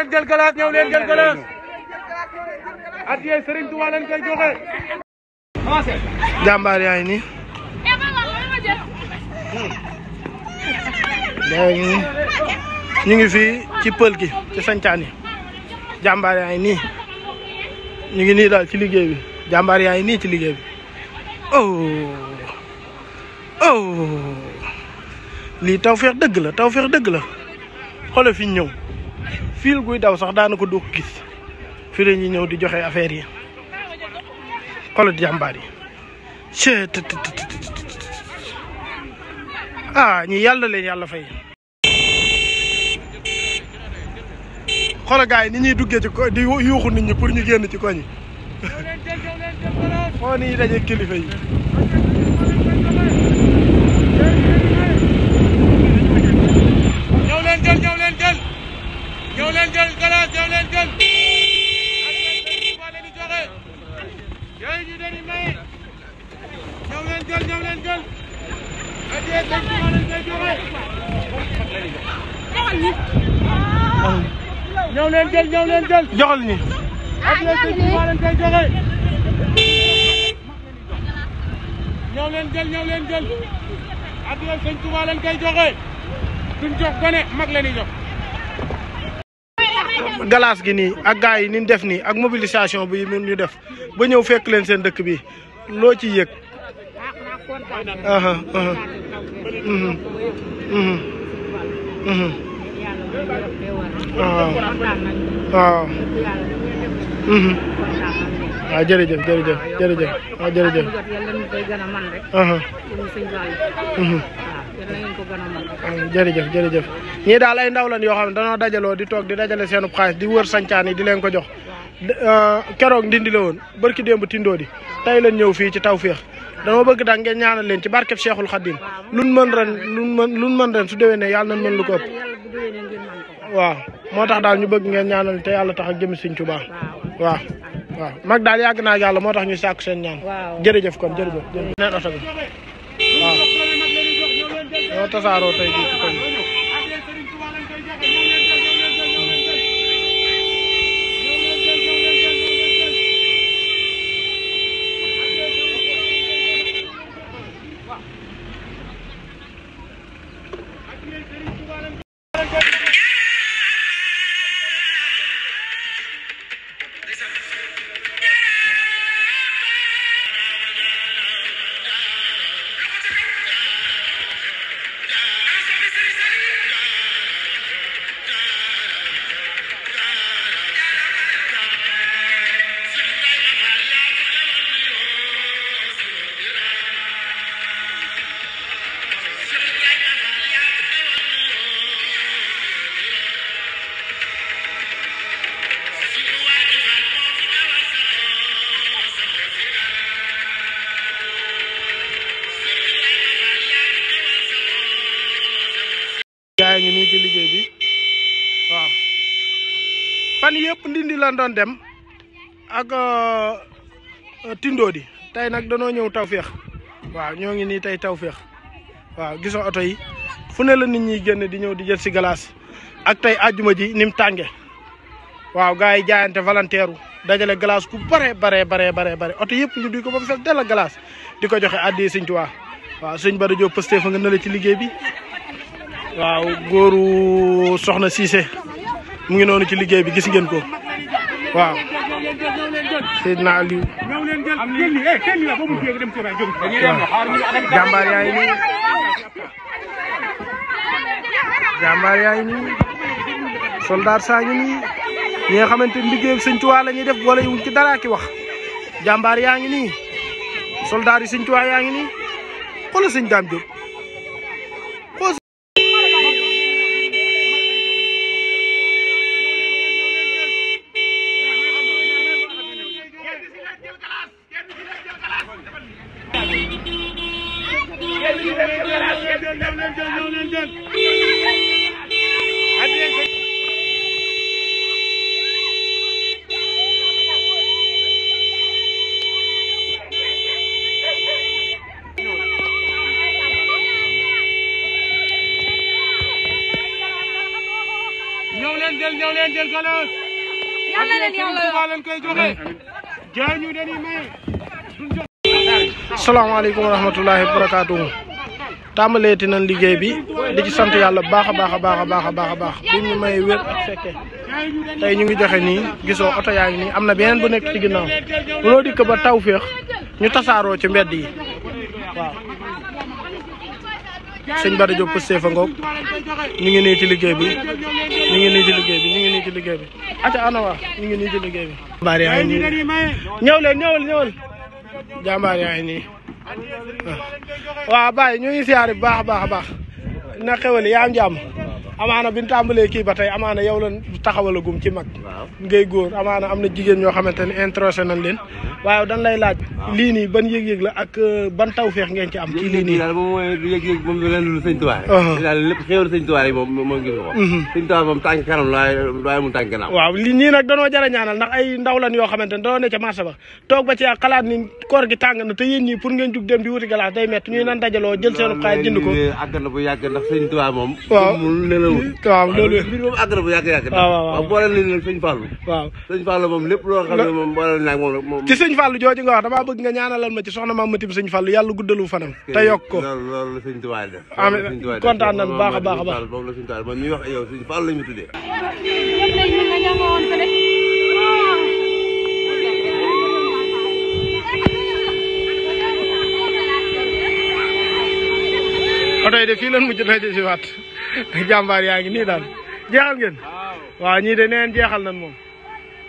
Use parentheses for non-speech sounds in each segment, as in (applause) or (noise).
leen jël galaas yaa ngi nii ñu ngi fii ci pël gi ci sancaan yi jàmbaar yaa ngi nii ñu ngi nii daal ci liggéey bi jàmbaar yaa ngi nii ci liggéey bi oh oh lii dëgg la taw tawfeex dëgg la xoolal fi ñëw fiil guy daw sax daanaka doo ko gis fi la ñuy ñëw di joxe affaire yi xoolal jàmbaar yi ah ñi yàlla leen yàlla fay xoolal gars yi ni ñuy duggee ci ko di yuuxu nit ñi pour ñu génn ci koñ yi (laughs) foo nii daje kilifa yi ñëw leen jël ñëw jël. joxal ñi. ak les sëñ bi leen joxe. ñëw jël ñëw leen jox gone mag la ñuy jox. gi ni ak gars yi ni def nii ak mobilisation bi ni ñu def ba ñëw fekk leen seen dëkk bi loo ciy yëg. Ah, ah, waaw waaw waaw jërëjëf jërëjëf jërëjëf waaw jërëjëf jërëjëf jërëjëf ñii daal ay ndaw yoo xam ne danoo dajaloo di toog di dajale seenu xaalis di wër sancaan di leen ko jox euh, keroog ndindi la woon barki démb tindoo di tey lañ ñëw fii ci taw Tawfekh dama bëgg daal ngeen ñaanal leen ci barkeb Cheikhul Khadim luñ mën ren luñ mën luñ mën ren su déwénee yàlla nañ mën lu ko waaw moo tax daal ñu bëgg ngeen ñaanal te yàlla tax ak jëm Sëriñ Tuubaa waaw waaw mag daal yàgg naa yàlla moo tax ñu sàkku seen ñaan jërëjëf kon jërëjëf neen oto bi waaw ñoo tasaaroo tey fan yëpp ndindi lan doon dem ak euh, euh, tindo di tey nag danoo ñëw tawféex waaw ñoo ngi nii tey tawféex waaw gisoo oto yi fu ne la nit ñi génn di ñëw di jël si glace ak tey àjjuma ji ni mu tànge waaw gars yi jaayante volontaire dajale glace ku bare bare bare bare bare oto yëpp ñu duy ko ba mu fees dell di ko joxe addi Sëñ Tuubaa waaw sëñ Bada Diop Pastef fa nga ne ci liggéey bi waaw góoru soxna Cissé mu ngi noonu ci liggéey bi gis ngeen ko waaw Seydina Aliou jàmbaar yaa ngi nii jàmbaar yaa ngi nii soldat saa ngi nii ñi nga xamante ni liggéey Sëñ Tuubaa la ñuy def boole wuñ ci dara ki wax jàmbaar yaa ngi nii soldat yi Sëñ Tuubaa yaa ngi nii xoolal Sëñ Daam Jóob Daniel Gallas yàlla leen wa rahmatullahi wa barakaatuhu tàmbaleeti liggéey bi di ci sant yàlla baax a baax a baax a baax a baax a baax bi ñu may wér ak fekke tey ñu ngi joxe nii gisoo oto yaa ngi nii am na beneen bu nekk ci ginnaaw munoo dikk ba taw féex ñu tasaaroo ci mbedd yi waaw sëñ Bada Diop Pastef a ngoog ñu ngi nii ci liggéey bi ñu ngi nii ci liggéey bi ñu ngi nii ci liggéey bi ata ñu ngi nii ci liggéey bi jàmbaar yaa ngi nii ñëw leen ñëwal ñëwal jàmbaar yaa ngi nii waaw Baye ñu ngi siyaare baax baax baax na xewal yaa am jàmm amaana bi ñu tàmbalee kii ba tey amaana yow la taxawalagum ci mag ngay góor amaana am na jigéen ñoo xamante ne introsé nañ leen waaw dan lay laaj. lii nii ban yëg-yëg la ak euh, ban tawféex ngeen ci am. ci lii nii daal moom mooy yëg-yëg moom lenn sëñ uh-huh. moom moom gis ko. Mm-hmm. sëñ Tuubaa moom tànk kanam laay laay mu tànk waaw li ñii nag danoo jar a ñaanal ndax ay ndaw yoo xamante ne danoo ne ca marché ba toog ba ci xalaat ni koor gi tàng na te yéen ñii pour ngeen jug dem di wuti galaas day métti ñuy nan dajaloo jël seen xaalis jënd bu yàgg ndax sëñ Tuubaa bu yàgg yàgg. waaw waaw waaw boole leen nag sëñ Fallou. waaw sëñ sëñ Fallou jooju nga wax damaa bëgg nga ñaanalal ma ci soxna maam Matim sëñ Fallou yàlla guddalu fanam te yokk ko loolu loolu baax a baax a baax moom la sëñ Tuubaa man ñuy wax yow sëñ yaa ngi nii daal jeexal ngeen waaw ñii de neen jeexal nañ moom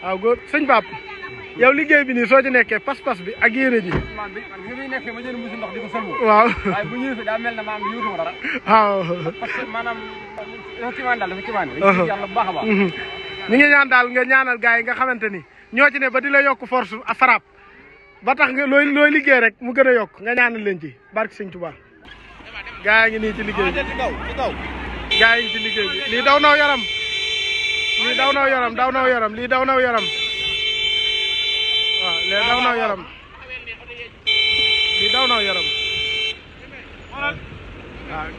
waaw góor sëñ Pape yow liggéey bi nii soo ci nekkee pas-pas bi ak yéene ji. man bi man bi waaw bu ñëwee daa parce que maanaam dafa kiimaan daal uh-huh. a baax. Mm-hmm. ñu ngi ñaan daal nga ñaanal gars yi nga xamante ni ñoo ci ne ba di la yokk force a frappe ba tax nga looy looy liggéey rek mu gën a yokk nga ñaanal leen ci barke Sëñ Tuubaa. gaa yi ngi nii ci liggéey bi yi ah, ngi liggéey bi daw naw yaram lii daw naw yaram daw naw yaram lii daw naw yaram lee daw na yaram lii daw na yaram waaw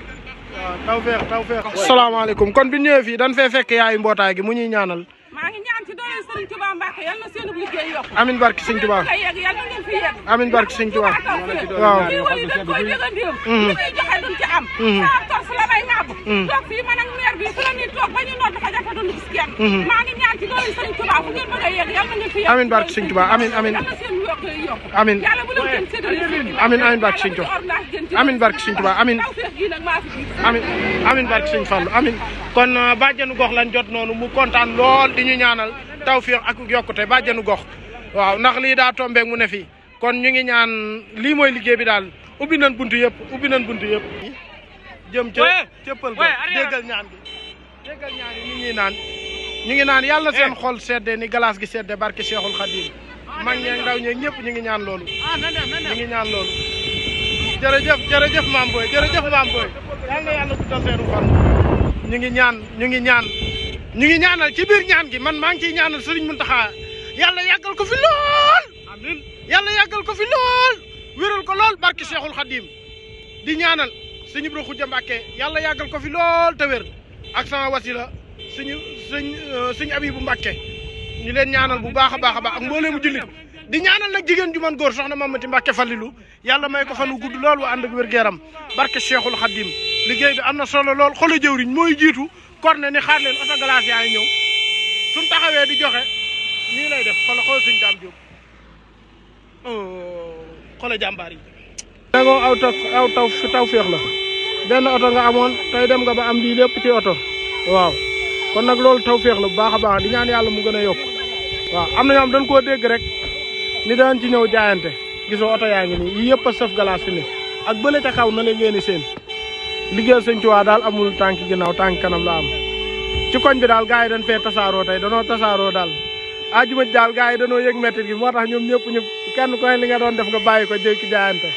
taw feex taw kon bi ñëwee fii dañ fee fekk yaayu mbootaay gi mu ñuy ñaanal Serigne Touba Mbacke yal na seenub liggéey yokk amiin barke Serigne Touba yegg yal na ngeen fi yegg amiin barke Serigne Touba waaw kii wali dañ koy dégandiw li ñuy joxe duñ ci am saa tos la lay naab mm-hmm. toog fii man ak maire bi su la ñuy toog ba ñu noot dafa jafe duñ gis kenn mm-hmm. maa ngi ñaan ci doole Serigne Touba fu ngeen bëgg a yegg yal na ngeen fi yegg amiin barke Serigne Touba amiin amiin amiin amiin amiin barke Serigne Touba amiin barke Serigne Touba amiin amiin amiin barke Serigne Fallou amiin kon euh, bàjjenu gox lañ jot noonu mu kontaan lool di ñu ñaanal tawféex ak yokkute bàjjenu gox waaw ndax lii daa tombeek mu ne fi kon ñu ngi ñaan lii mooy liggéey bi daal ubbi nañ buntu yëpp ubbi nañ buntu yëpp jëm ca cëppal ga déggal ñaan gi ñu ngi naan ñu ngi naan yàlla seen eh. xol sedde ni galaas gi sedde barke Cheikhul Khadim ah, mag ñee ndaw ñee ñëpp ñu ngi ñaan loolu ah, ñu ngi ñaan loolu jërëjëf jërëjëf maam booy jërëjëf maam booy na yàlla ñu ngi ñaan ñu ngi ñaan ñu ngi ñaanal ci biir ñaan gi man maa ngi ciy ñaanal Serigne Mountakha yàlla yàggal ko fi lool. yàlla yàggal ko fi lool wéral ko lool barki Cheikhul Khadim di ñaanal sëñ Ibra Khoudia Mbacke yàlla yàggal ko fi lool te wér ak sama wasila suñu sëñ sëñ Abibu Mbacke ñu leen ñaanal bu baax a baax a baax ak mbooleemu jullit di ñaanal nag jigéen ju man góor soxna Mamati Mbacke Fallilu yàlla may ko fanu gudd lool wa ànd ak wér-gu-yaram barke Cheikhul Khadim liggéey bi am na solo lool xoolal jëwriñ mooy jiitu kon corne ni xaar leen oto glace yaa ngi ñëw suñ taxawee di joxe nii lay def xool xool suñ daam jóg oh, xoolal jàmbaar yi. dangoo taw aw taw taw féex la benn oto nga amoon tey dem nga ba am lii lépp ci oto waaw kon nag loolu taw féex la bu baax a baax di ñaan yàlla mu gën a yokk waaw am na ñoo xam dañ koo dégg rek ni daan ci ñëw jaayante gisoo oto yaa ngi nii yii yëpp a sëf glace fi ne ak bële ca kaw na leen ngeen seen. liggéeyal sëñ waa daal amul tànk ginnaaw tànk kanam la am ci koñ bi daal gars yi dañ fee tasaaroo tey danoo tasaaroo daal ajuma daal gars yi danoo yëg mettit gi moo tax ñoom ñëpp ñëpp kenn ku ne li nga doon def nga bàyyi ko jékki jaayante